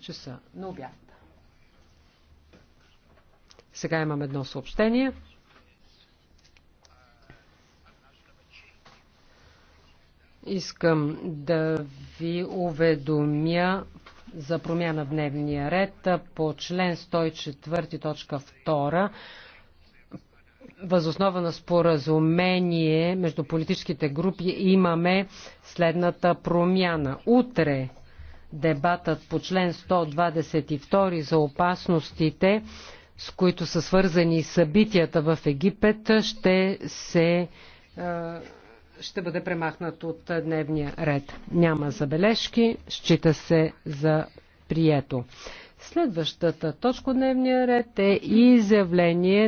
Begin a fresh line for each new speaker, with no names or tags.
часа на обяд. Сега имам едно съобщение. Искам да ви уведомя за промяна в дневния ред по член 104, точка 2 възоснова на споразумение между политическите групи имаме следната промяна. Утре дебатът по член 122 за опасностите, с които са свързани събитията в Египет, ще се ще бъде премахнат от дневния ред. Няма забележки, счита се за прието. Следващата точка дневния ред е изявление